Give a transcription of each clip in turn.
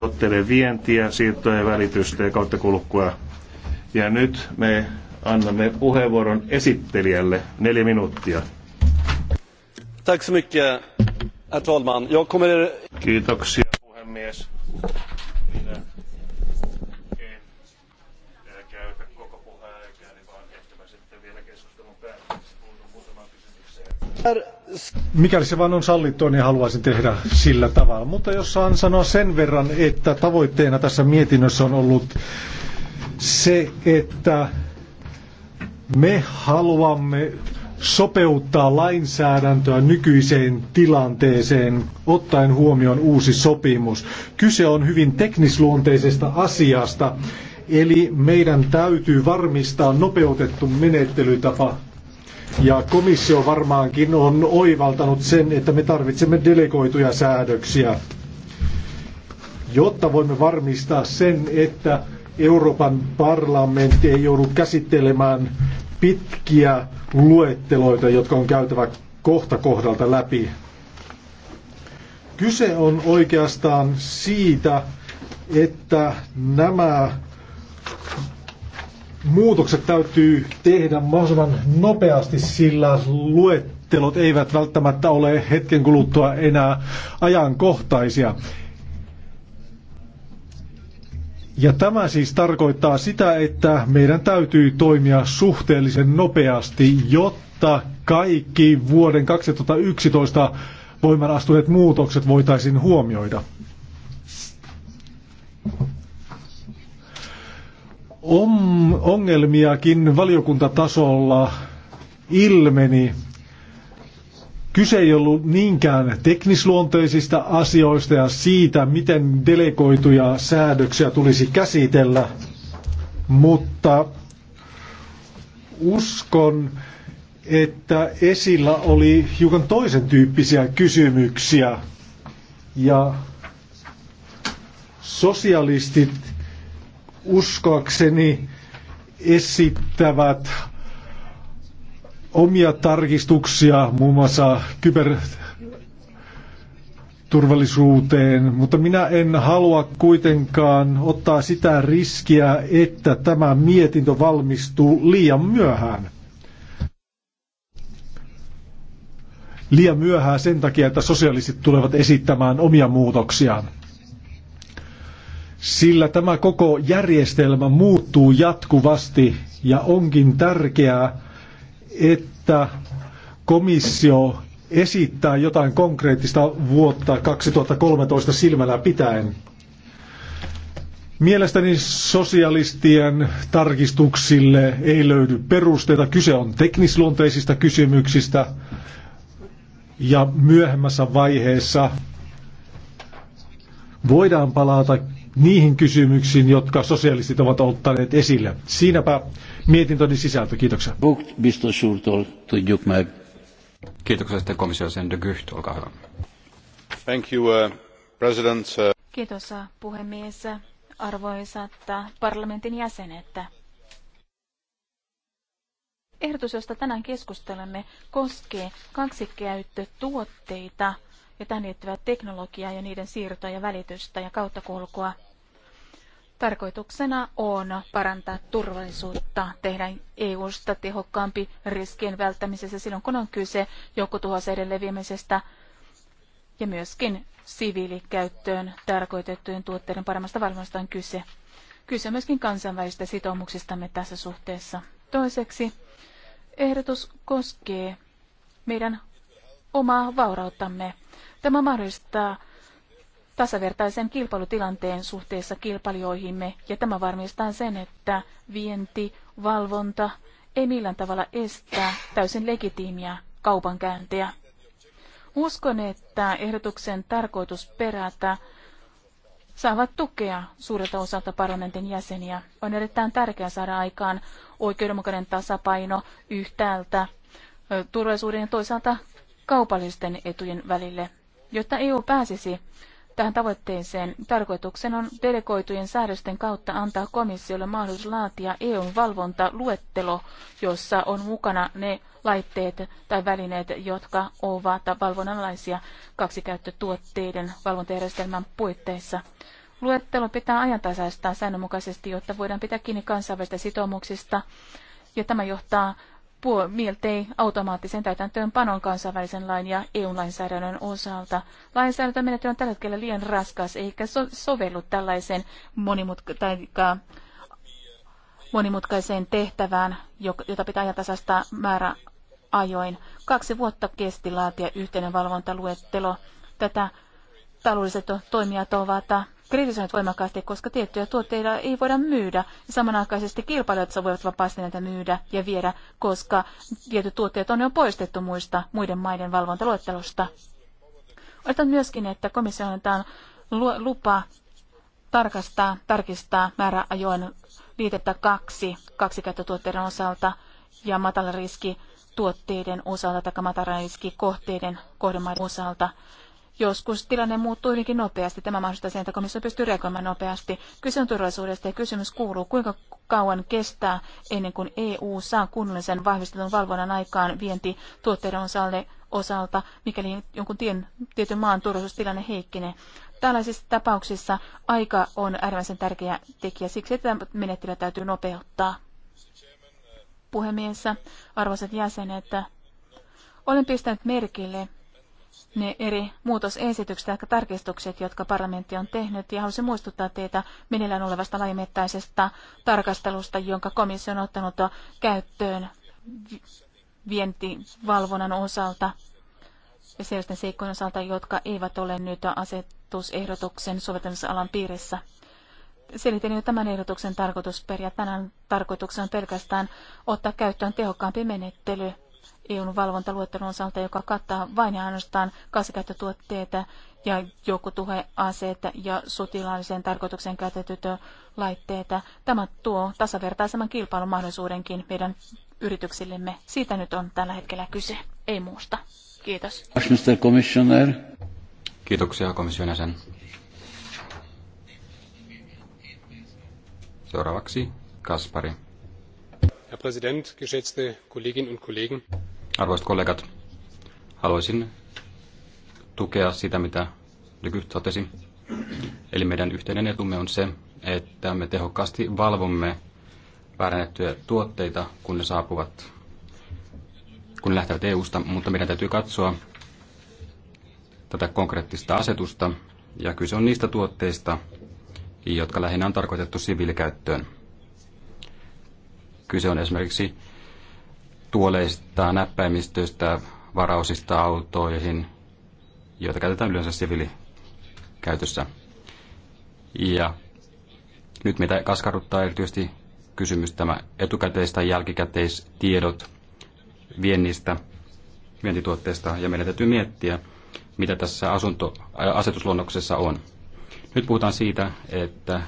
tuotteiden vientiä, siirtoja, välitystä ja kautta kulkua. Ja nyt me annamme puheenvuoron esittelijälle neljä minuuttia. Tack så mycket, herr talman. Jag kommer... Kiitoksia, puhemies. Minä en käytä koko vaan sitten vielä keskustelun päätteeksi muutamaan kysymykseen. Mikäli se vaan on sallittua, niin haluaisin tehdä sillä tavalla. Mutta jos saan sanoa sen verran, että tavoitteena tässä mietinnössä on ollut se, että me haluamme sopeuttaa lainsäädäntöä nykyiseen tilanteeseen, ottaen huomioon uusi sopimus. Kyse on hyvin teknisluonteisesta asiasta, eli meidän täytyy varmistaa nopeutettu menettelytapa ja komissio varmaankin on oivaltanut sen, että me tarvitsemme delegoituja säädöksiä, jotta voimme varmistaa sen, että Euroopan parlamentti ei joudu käsittelemään pitkiä luetteloita, jotka on käytävä kohta kohdalta läpi. Kyse on oikeastaan siitä, että nämä muutokset täytyy tehdä mahdollisimman nopeasti, sillä luettelot eivät välttämättä ole hetken kuluttua enää ajankohtaisia. Ja tämä siis tarkoittaa sitä, että meidän täytyy toimia suhteellisen nopeasti, jotta kaikki vuoden 2011 voimaan astuneet muutokset voitaisiin huomioida. on, ongelmiakin valiokuntatasolla ilmeni. Kyse ei ollut niinkään teknisluonteisista asioista ja siitä, miten delegoituja säädöksiä tulisi käsitellä, mutta uskon, että esillä oli hiukan toisen tyyppisiä kysymyksiä. Ja sosialistit uskoakseni esittävät omia tarkistuksia muun muassa kyberturvallisuuteen, mutta minä en halua kuitenkaan ottaa sitä riskiä, että tämä mietintö valmistuu liian myöhään. Liian myöhään sen takia, että sosialistit tulevat esittämään omia muutoksiaan sillä tämä koko järjestelmä muuttuu jatkuvasti ja onkin tärkeää, että komissio esittää jotain konkreettista vuotta 2013 silmällä pitäen. Mielestäni sosialistien tarkistuksille ei löydy perusteita. Kyse on teknisluonteisista kysymyksistä ja myöhemmässä vaiheessa voidaan palata niihin kysymyksiin, jotka sosialistit ovat ottaneet esille. Siinäpä mietintöni sisältö. Kiitoksia. Kiitoksia sitten komission sen de Gucht, olkaa hyvä. Thank you, uh, president. Uh. Kiitos uh, puhemies, arvoisat uh, parlamentin jäsenet. Ehdotus, josta tänään keskustelemme, koskee kaksikäyttötuotteita ja tähän liittyvää teknologiaa ja niiden siirtoa ja välitystä ja kauttakulkua. Tarkoituksena on parantaa turvallisuutta, tehdä EU-sta tehokkaampi riskien välttämisessä silloin, kun on kyse joukkotuhoaseiden leviämisestä ja myöskin siviilikäyttöön tarkoitettujen tuotteiden paremmasta valvonnasta on kyse. Kyse on myöskin kansainvälisistä sitoumuksistamme tässä suhteessa. Toiseksi ehdotus koskee meidän omaa vaurauttamme. Tämä mahdollistaa tasavertaisen kilpailutilanteen suhteessa kilpailijoihimme ja tämä varmistaa sen, että vienti, valvonta ei millään tavalla estää täysin legitiimiä kaupankäyntiä. Uskon, että ehdotuksen tarkoitus perätä saavat tukea suurelta osalta parlamentin jäseniä. On erittäin tärkeää saada aikaan oikeudenmukainen tasapaino yhtäältä turvallisuuden ja toisaalta kaupallisten etujen välille, jotta EU pääsisi tähän tavoitteeseen. Tarkoituksen on delegoitujen säädösten kautta antaa komissiolle mahdollisuus laatia EUn valvontaluettelo, jossa on mukana ne laitteet tai välineet, jotka ovat valvonnanlaisia kaksikäyttötuotteiden valvontajärjestelmän puitteissa. Luettelo pitää ajantasaistaa säännönmukaisesti, jotta voidaan pitää kiinni kansainvälistä sitoumuksista, ja tämä johtaa miltei automaattisen panon kansainvälisen lain ja EU-lainsäädännön osalta. Lainsäädäntömenettely on tällä hetkellä liian raskas eikä so- sovellu tällaiseen monimutka- monimutkaiseen tehtävään, jota pitää ajantasasta määrä ajoin. Kaksi vuotta kesti laatia yhteinen valvontaluettelo. Tätä taloudelliset toimijat ovat kritisoinut voimakkaasti, koska tiettyjä tuotteita ei voida myydä. Samanaikaisesti kilpailijat voivat vapaasti näitä myydä ja viedä, koska tietyt tuotteet on jo poistettu muista muiden maiden valvontaluettelosta. Oletan myöskin, että komissio annetaan lupa tarkastaa, tarkistaa määräajoin liitettä kaksi kaksikäyttötuotteiden osalta ja matala riski tuotteiden osalta tai matala riski kohteiden kohdemaiden osalta. Joskus tilanne muuttuu hyvinkin nopeasti. Tämä mahdollistaa sen, että komissio pystyy reagoimaan nopeasti. Kyse on turvallisuudesta ja kysymys kuuluu, kuinka kauan kestää ennen kuin EU saa kunnollisen vahvistetun valvonnan aikaan vienti tuotteiden osalle osalta, mikäli jonkun tien, tietyn maan turvallisuustilanne heikkenee. Tällaisissa tapauksissa aika on äärimmäisen tärkeä tekijä, siksi että menettelyä täytyy nopeuttaa. Puhemies, arvoisat jäsenet, olen pistänyt merkille ne eri muutosesitykset ja tarkistukset, jotka parlamentti on tehnyt. Ja haluaisin muistuttaa teitä meneillään olevasta laimettaisesta tarkastelusta, jonka komissio on ottanut käyttöön vientivalvonnan osalta ja sellaisten seikkojen osalta, jotka eivät ole nyt asetusehdotuksen soveltamisalan piirissä. Selitin jo tämän ehdotuksen tarkoitusperiä. Tänään tarkoituksena on pelkästään ottaa käyttöön tehokkaampi menettely EUn valvontaluettelon osalta, joka kattaa vain ja ainoastaan kaksikäyttötuotteita ja joukkotuheaseet ja sotilaalliseen tarkoituksen käytetyt laitteita. Tämä tuo tasavertaisemman kilpailun mahdollisuudenkin meidän yrityksillemme. Siitä nyt on tällä hetkellä kyse, ei muusta. Kiitos. Mr. Kiitoksia komission jäsen. Seuraavaksi Kaspari. Herr Präsident, geschätzte Kolleginnen und Kollegen. Arvoisat kollegat, haluaisin tukea sitä, mitä gucht totesi. Eli meidän yhteinen etumme on se, että me tehokkaasti valvomme väärennettyjä tuotteita, kun ne saapuvat, kun ne lähtevät EU-sta, mutta meidän täytyy katsoa tätä konkreettista asetusta, ja kyse on niistä tuotteista, jotka lähinnä on tarkoitettu siviilikäyttöön. Kyse on esimerkiksi tuoleista, näppäimistöistä, varausista autoihin, joita käytetään yleensä siviilikäytössä. Ja nyt meitä kaskarruttaa erityisesti kysymys tämä etukäteis- tai jälkikäteistiedot viennistä, vientituotteista, ja meidän täytyy miettiä, mitä tässä asetusluonnoksessa on. Nyt puhutaan siitä, että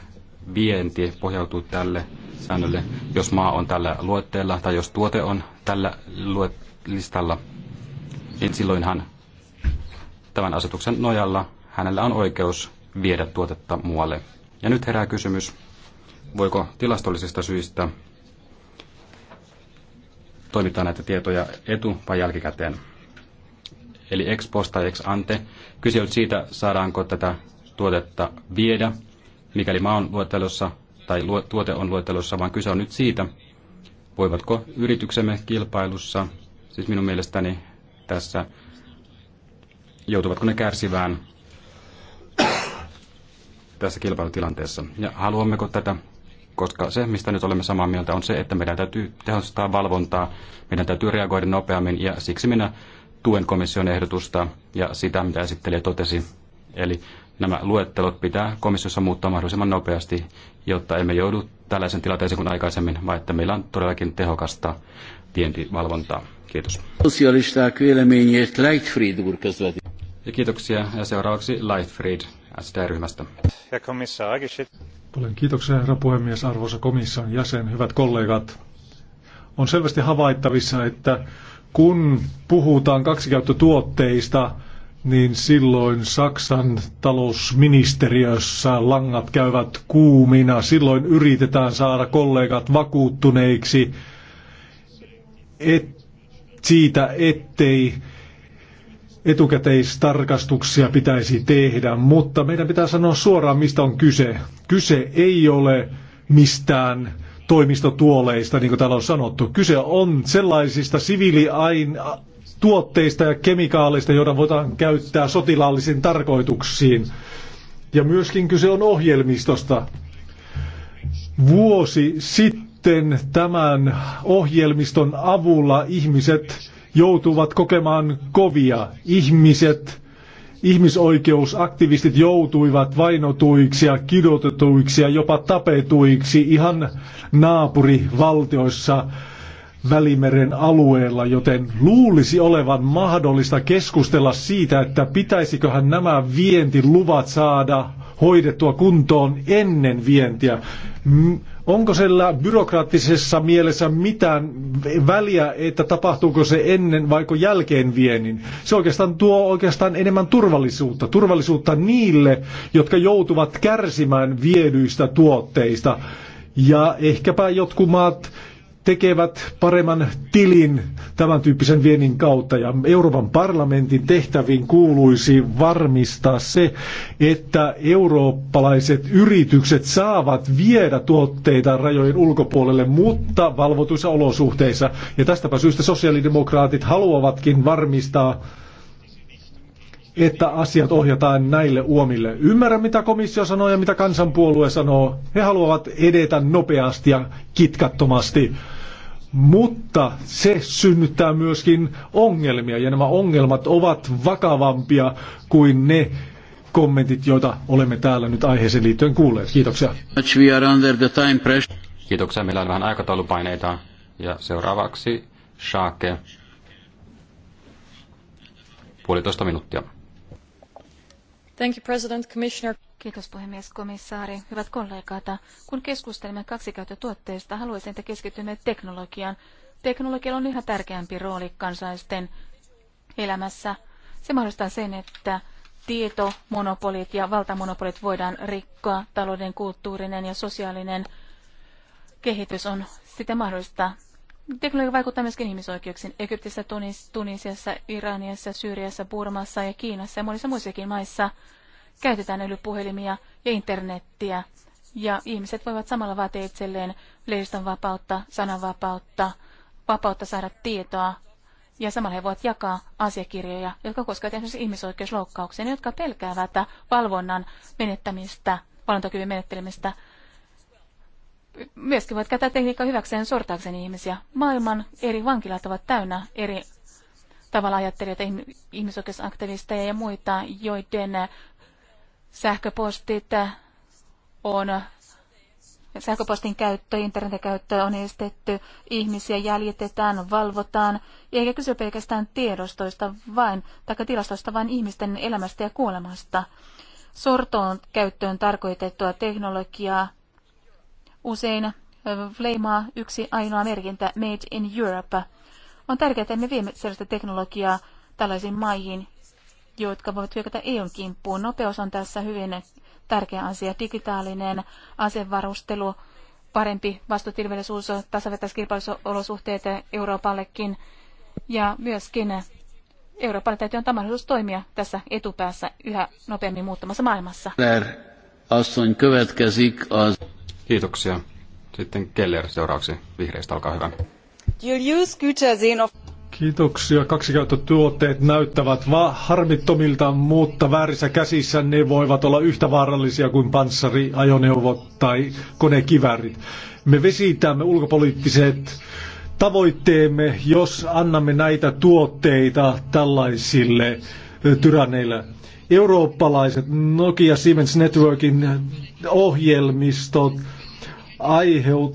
vienti pohjautuu tälle säännölle, jos maa on tällä luetteella tai jos tuote on tällä listalla, niin silloinhan tämän asetuksen nojalla hänellä on oikeus viedä tuotetta muualle. Ja nyt herää kysymys, voiko tilastollisista syistä toimittaa näitä tietoja etu- vai jälkikäteen. Eli ex post tai ex ante. Kyse on siitä, saadaanko tätä tuotetta viedä mikäli maa on luettelossa tai tuote on luettelossa, vaan kyse on nyt siitä, voivatko yrityksemme kilpailussa, siis minun mielestäni tässä, joutuvatko ne kärsivään tässä kilpailutilanteessa. Ja haluammeko tätä, koska se, mistä nyt olemme samaa mieltä, on se, että meidän täytyy tehostaa valvontaa, meidän täytyy reagoida nopeammin, ja siksi minä tuen komission ehdotusta ja sitä, mitä esittelijä totesi Eli nämä luettelot pitää komissiossa muuttaa mahdollisimman nopeasti, jotta emme joudu tällaisen tilanteeseen kuin aikaisemmin, vaan että meillä on todellakin tehokasta vientivalvontaa. Kiitos. Ja kiitoksia. Ja seuraavaksi Lightfried sd ryhmästä Paljon kiitoksia, herra puhemies, arvoisa komission jäsen, hyvät kollegat. On selvästi havaittavissa, että kun puhutaan kaksikäyttötuotteista, niin silloin Saksan talousministeriössä langat käyvät kuumina. Silloin yritetään saada kollegat vakuuttuneiksi et, siitä, ettei etukäteistarkastuksia pitäisi tehdä, mutta meidän pitää sanoa suoraan, mistä on kyse. Kyse ei ole mistään toimistotuoleista, niin kuin täällä on sanottu. Kyse on sellaisista siviiliain tuotteista ja kemikaaleista, joita voidaan käyttää sotilaallisiin tarkoituksiin. Ja myöskin kyse on ohjelmistosta. Vuosi sitten tämän ohjelmiston avulla ihmiset joutuvat kokemaan kovia. Ihmiset, ihmisoikeusaktivistit joutuivat vainotuiksi ja kidotetuiksi ja jopa tapetuiksi ihan naapurivaltioissa. Välimeren alueella, joten luulisi olevan mahdollista keskustella siitä, että pitäisiköhän nämä vientiluvat saada hoidettua kuntoon ennen vientiä. Onko sillä byrokraattisessa mielessä mitään väliä, että tapahtuuko se ennen vai jälkeen vienin? Se oikeastaan tuo oikeastaan enemmän turvallisuutta. Turvallisuutta niille, jotka joutuvat kärsimään viedyistä tuotteista. Ja ehkäpä jotkut maat tekevät paremman tilin tämän tyyppisen viennin kautta. Ja Euroopan parlamentin tehtäviin kuuluisi varmistaa se, että eurooppalaiset yritykset saavat viedä tuotteita rajojen ulkopuolelle, mutta valvotuissa olosuhteissa. Ja tästäpä syystä sosiaalidemokraatit haluavatkin varmistaa, että asiat ohjataan näille uomille. Ymmärrän, mitä komissio sanoo ja mitä kansanpuolue sanoo. He haluavat edetä nopeasti ja kitkattomasti mutta se synnyttää myöskin ongelmia, ja nämä ongelmat ovat vakavampia kuin ne kommentit, joita olemme täällä nyt aiheeseen liittyen kuulleet. Kiitoksia. Kiitoksia. Meillä on vähän aikataulupaineita. Ja seuraavaksi Shake. Puolitoista minuuttia. Thank you, President, Commissioner. Kiitos puhemies komissaari. Hyvät kollegat, kun keskustelemme kaksikäyttötuotteista, haluaisin, että keskitymme teknologiaan. Teknologialla on yhä tärkeämpi rooli kansalaisten elämässä. Se mahdollistaa sen, että tietomonopolit ja valtamonopolit voidaan rikkoa. Talouden, kulttuurinen ja sosiaalinen kehitys on sitä mahdollista. Teknologia vaikuttaa myöskin ihmisoikeuksiin. Egyptissä, Tunis, Tunisiassa, Iraniassa, Syyriassa, Burmassa ja Kiinassa ja monissa muissakin maissa – käytetään älypuhelimia ja internettiä ja ihmiset voivat samalla vaatia itselleen lehdistön vapautta, sananvapautta, vapautta saada tietoa ja samalla he voivat jakaa asiakirjoja, jotka koskevat esimerkiksi ihmisoikeusloukkauksia, ne, jotka pelkäävät valvonnan menettämistä, valvontakyvyn menettelemistä. Myöskin voivat käyttää tekniikkaa hyväkseen sortaakseen ihmisiä. Maailman eri vankilat ovat täynnä eri tavalla ajattelijoita, ihmisoikeusaktivisteja ja muita, joiden Sähköpostit äh, on sähköpostin käyttö, internetin käyttö on estetty, ihmisiä jäljitetään, valvotaan, eikä kyse pelkästään tiedostoista vain, tai tilastoista vain ihmisten elämästä ja kuolemasta. Sortoon käyttöön tarkoitettua teknologiaa usein äh, leimaa yksi ainoa merkintä Made in Europe. On tärkeää, että me viemme sellaista teknologiaa tällaisiin maihin, jotka voivat hyökätä EUn kimppuun. Nopeus on tässä hyvin tärkeä asia. Digitaalinen asevarustelu, parempi vastuutilvellisuus, tasavertaiskilpailuolosuhteet Euroopallekin ja myöskin Euroopalle täytyy antaa mahdollisuus toimia tässä etupäässä yhä nopeammin muuttamassa maailmassa. Kiitoksia. Sitten Keller seuraavaksi vihreistä, olkaa hyvä. You'll use Kiitoksia. Kaksi tuotteet näyttävät va- harmittomilta, mutta väärissä käsissä ne voivat olla yhtä vaarallisia kuin panssariajoneuvot tai konekivärit. Me vesitämme ulkopoliittiset tavoitteemme, jos annamme näitä tuotteita tällaisille tyranneille. Eurooppalaiset Nokia Siemens Networkin ohjelmistot aiheut,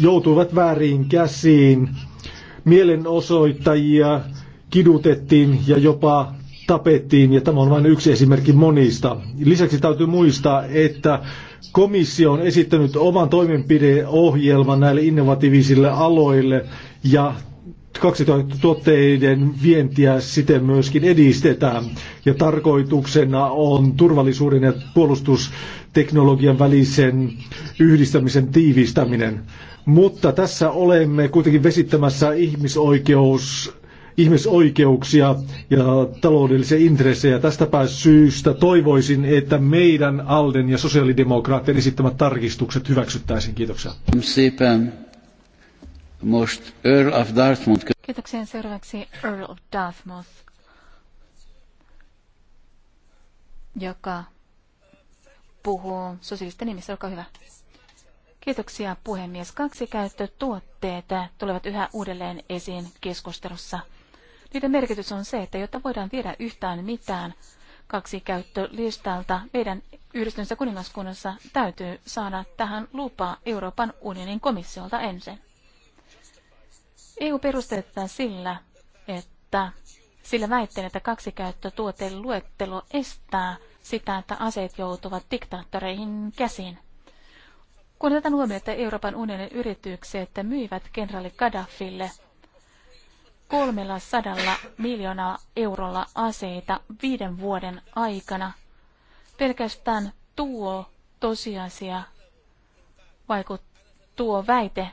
joutuivat väärin käsiin mielenosoittajia kidutettiin ja jopa tapettiin, ja tämä on vain yksi esimerkki monista. Lisäksi täytyy muistaa, että komissio on esittänyt oman toimenpideohjelman näille innovatiivisille aloille, ja 2000 tuotteiden vientiä siten myöskin edistetään. Ja tarkoituksena on turvallisuuden ja puolustusteknologian välisen yhdistämisen tiivistäminen. Mutta tässä olemme kuitenkin vesittämässä ihmisoikeus ihmisoikeuksia ja taloudellisia intressejä. pääsystä syystä toivoisin, että meidän Alden ja sosiaalidemokraattien esittämät tarkistukset hyväksyttäisiin. Kiitoksia. Most Earl of Dartmouth. Kiitoksia. Seuraavaksi Earl of Dartmouth, joka puhuu sosiaalisten nimissä. Olkaa hyvä. Kiitoksia puhemies. Kaksi käyttötuotteita tulevat yhä uudelleen esiin keskustelussa. Niiden merkitys on se, että jotta voidaan viedä yhtään mitään kaksi käyttölistalta, meidän yhdistyneessä kuningaskunnassa täytyy saada tähän lupa Euroopan unionin komissiolta ensin. EU perustetaan sillä, että sillä väitteen, että kaksikäyttötuotteen luettelo estää sitä, että aseet joutuvat diktaattoreihin käsiin. Kun otetaan huomioon, että Euroopan unionin yritykset myivät kenraali Gaddafille 300 miljoonaa eurolla aseita viiden vuoden aikana, pelkästään tuo tosiasia vaikuttaa tuo väite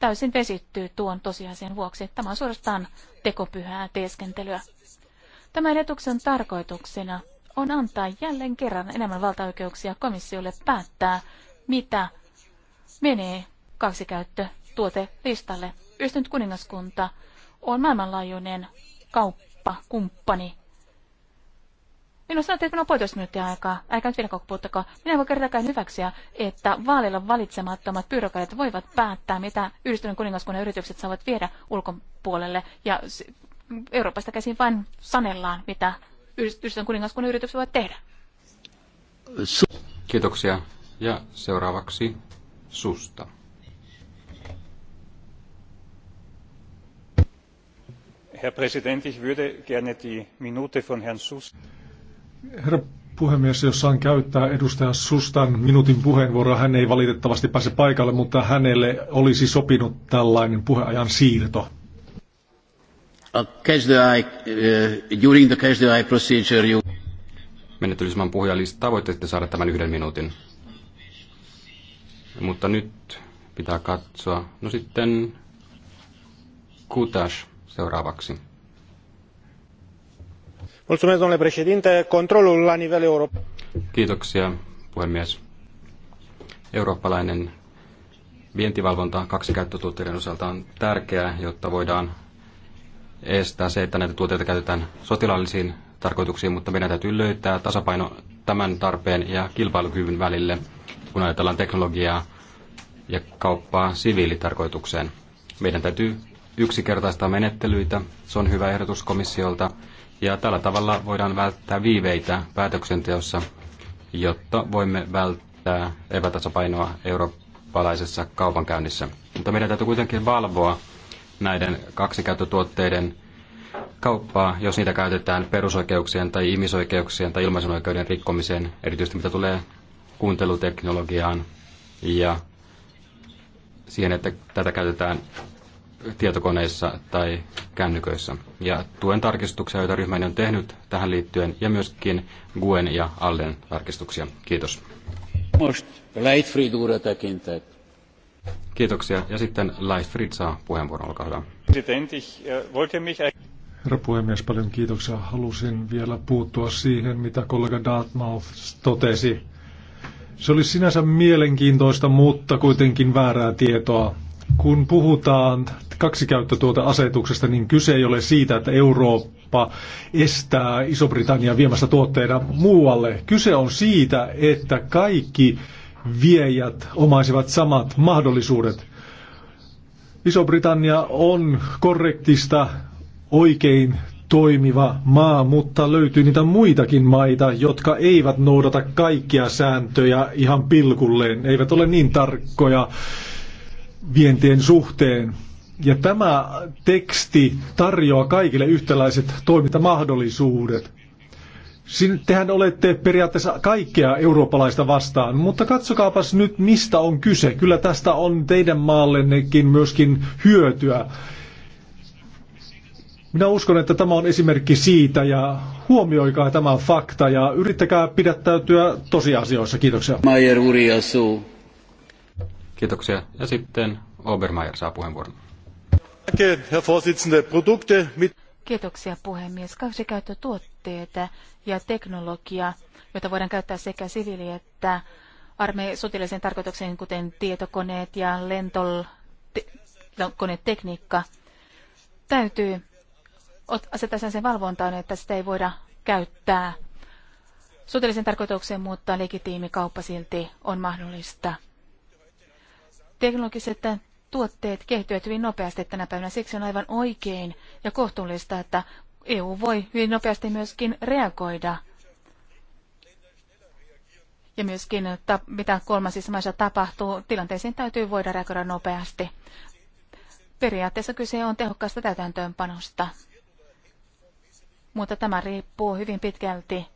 täysin vesittyy tuon tosiasian vuoksi. Tämä on suorastaan tekopyhää teeskentelyä. Tämän etuksen tarkoituksena on antaa jälleen kerran enemmän valtaoikeuksia komissiolle päättää, mitä menee kaksikäyttö tuotelistalle. Yhdistynyt kuningaskunta on maailmanlaajuinen kauppakumppani Minun sanottiin, että minulla on puolitoista minuuttia aikaa. Älkää nyt vielä koko Minä voin kai hyväksyä, että vaalilla valitsemattomat byrokratit voivat päättää, mitä yhdistyneen kuningaskunnan yritykset saavat viedä ulkopuolelle. Ja Euroopasta käsin vain sanellaan, mitä yhdistyneen kuningaskunnan yritykset voivat tehdä. Kiitoksia. Ja seuraavaksi susta. Herr Präsident, ich würde gerne die Minute von Herrn Sus Herra puhemies, jos saan käyttää edustajan Sustan minuutin puheenvuoroa, hän ei valitettavasti pääse paikalle, mutta hänelle olisi sopinut tällainen puheajan siirto. puhuja eh, puhujalista tavoitteet saada tämän yhden minuutin. Mutta nyt pitää katsoa. No sitten Kutas seuraavaksi domnule președinte controlul la nivel european. Kiitoksia Eurooppalainen vientivalvonta kaksikäyttötuotteiden osalta on tärkeää, jotta voidaan estää se, että näitä tuotteita käytetään sotilaallisiin tarkoituksiin, mutta meidän täytyy löytää tasapaino tämän tarpeen ja kilpailukyvyn välille, kun ajatellaan teknologiaa ja kauppaa siviilitarkoitukseen. Meidän täytyy yksinkertaistaa menettelyitä, se on hyvä ehdotus komissiolta, ja tällä tavalla voidaan välttää viiveitä päätöksenteossa, jotta voimme välttää epätasapainoa eurooppalaisessa kaupankäynnissä. Mutta meidän täytyy kuitenkin valvoa näiden kaksikäyttötuotteiden kauppaa, jos niitä käytetään perusoikeuksien tai ihmisoikeuksien tai ilmaisen oikeuden rikkomiseen, erityisesti mitä tulee kuunteluteknologiaan ja siihen, että tätä käytetään tietokoneissa tai kännyköissä. Ja tuen tarkistuksia, joita ryhmäni on tehnyt tähän liittyen, ja myöskin Guen ja Allen tarkistuksia. Kiitos. Kiitoksia. Ja sitten Leitfried saa puheenvuoron, olkaa hyvä. Äh, Herra puhemies, paljon kiitoksia. Halusin vielä puuttua siihen, mitä kollega Dartmouth totesi. Se oli sinänsä mielenkiintoista, mutta kuitenkin väärää tietoa kun puhutaan kaksikäyttötuoteasetuksesta, niin kyse ei ole siitä, että Eurooppa estää Iso-Britannia viemästä tuotteita muualle. Kyse on siitä, että kaikki viejät omaisivat samat mahdollisuudet. Iso-Britannia on korrektista oikein toimiva maa, mutta löytyy niitä muitakin maita, jotka eivät noudata kaikkia sääntöjä ihan pilkulleen, eivät ole niin tarkkoja vientien suhteen. Ja tämä teksti tarjoaa kaikille yhtäläiset toimintamahdollisuudet. Tehän olette periaatteessa kaikkea eurooppalaista vastaan, mutta katsokaapas nyt mistä on kyse. Kyllä tästä on teidän maallennekin myöskin hyötyä. Minä uskon, että tämä on esimerkki siitä ja huomioikaa tämä fakta ja yrittäkää pidättäytyä tosiasioissa. Kiitoksia. Mayer Kiitoksia. Ja sitten Obermeier saa puheenvuoron. Kiitoksia puhemies. Kaksikäyttötuotteita ja teknologia, joita voidaan käyttää sekä siviili- että armeijan sotilaisen tarkoitukseen, kuten tietokoneet ja lentokonetekniikka, täytyy asettaa sen valvontaan, että sitä ei voida käyttää sotilaisen tarkoitukseen, mutta legitiimi kauppa silti on mahdollista. Teknologiset tuotteet kehittyvät hyvin nopeasti tänä päivänä. Siksi on aivan oikein ja kohtuullista, että EU voi hyvin nopeasti myöskin reagoida. Ja myöskin, mitä kolmansissa maissa tapahtuu, tilanteisiin täytyy voida reagoida nopeasti. Periaatteessa kyse on tehokkaasta täytäntöönpanosta. Mutta tämä riippuu hyvin pitkälti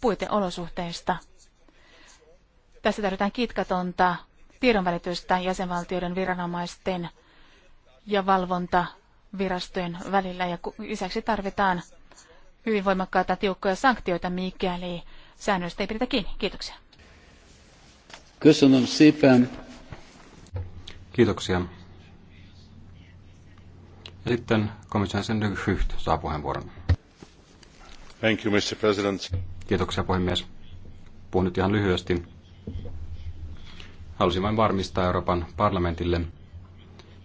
puiteolosuhteista. Tässä tarvitaan kitkatonta tiedonvälitystä jäsenvaltioiden viranomaisten ja valvontavirastojen välillä. Ja lisäksi tarvitaan hyvin voimakkaita tiukkoja sanktioita, mikäli säännöistä ei pidetä kiinni. Kiitoksia. Kiitoksia. Ja sitten komission sen Hyht saa puheenvuoron. Thank you, Mr. President. Kiitoksia puhemies. Puhun nyt ihan lyhyesti. Halusin vain varmistaa Euroopan parlamentille,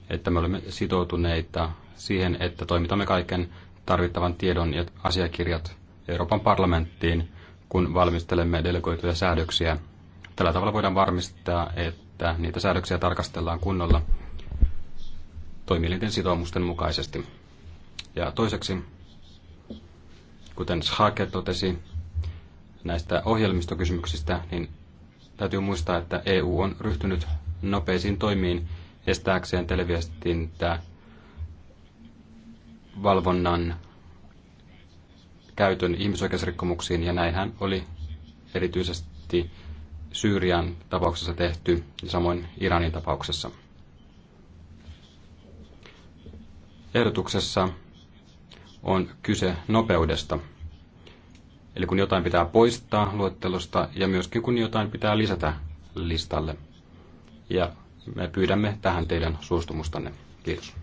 että me olemme sitoutuneita siihen, että toimitamme kaiken tarvittavan tiedon ja asiakirjat Euroopan parlamenttiin, kun valmistelemme delegoituja säädöksiä. Tällä tavalla voidaan varmistaa, että niitä säädöksiä tarkastellaan kunnolla toimielinten sitoumusten mukaisesti. Ja toiseksi, kuten Schake totesi näistä ohjelmistokysymyksistä, niin täytyy muistaa, että EU on ryhtynyt nopeisiin toimiin estääkseen televiestintää valvonnan käytön ihmisoikeusrikkomuksiin, ja näinhän oli erityisesti Syyrian tapauksessa tehty, ja samoin Iranin tapauksessa. Ehdotuksessa on kyse nopeudesta – Eli kun jotain pitää poistaa luettelosta ja myöskin kun jotain pitää lisätä listalle. Ja me pyydämme tähän teidän suostumustanne. Kiitos.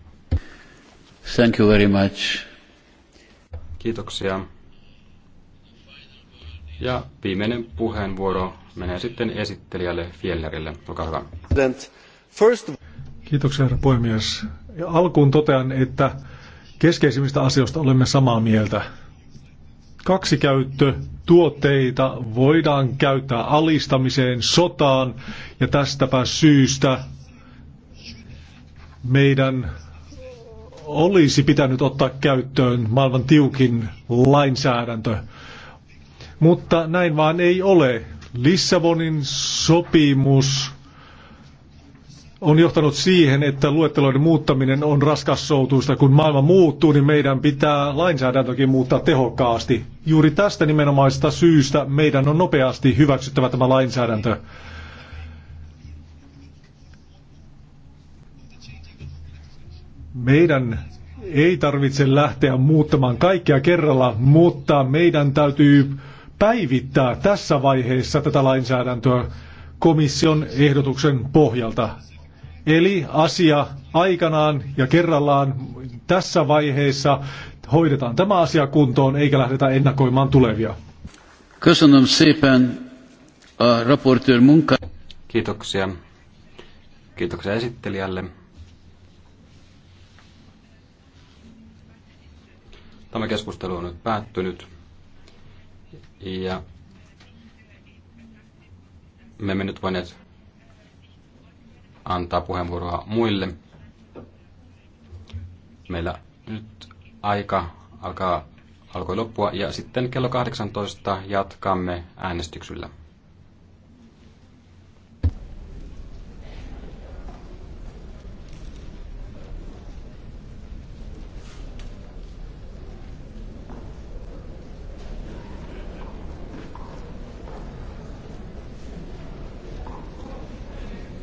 Thank you very much. Kiitoksia. Ja viimeinen puheenvuoro menee sitten esittelijälle Fjellerille. Olkaa hyvä. Kiitoksia, herra puhemies. Ja alkuun totean, että keskeisimmistä asioista olemme samaa mieltä kaksikäyttötuotteita voidaan käyttää alistamiseen, sotaan ja tästäpä syystä meidän olisi pitänyt ottaa käyttöön maailman tiukin lainsäädäntö. Mutta näin vaan ei ole. Lissabonin sopimus on johtanut siihen, että luetteloiden muuttaminen on raskassoutuista. Kun maailma muuttuu, niin meidän pitää lainsäädäntökin muuttaa tehokkaasti. Juuri tästä nimenomaisesta syystä meidän on nopeasti hyväksyttävä tämä lainsäädäntö. Meidän ei tarvitse lähteä muuttamaan kaikkea kerralla, mutta meidän täytyy päivittää tässä vaiheessa tätä lainsäädäntöä komission ehdotuksen pohjalta. Eli asia aikanaan ja kerrallaan tässä vaiheessa hoidetaan tämä asia kuntoon eikä lähdetä ennakoimaan tulevia. Kiitoksia. Kiitoksia esittelijälle. Tämä keskustelu on nyt päättynyt ja me emme nyt voineet antaa puheenvuoroa muille. Meillä nyt aika alkaa, alkoi loppua ja sitten kello 18 jatkamme äänestyksellä.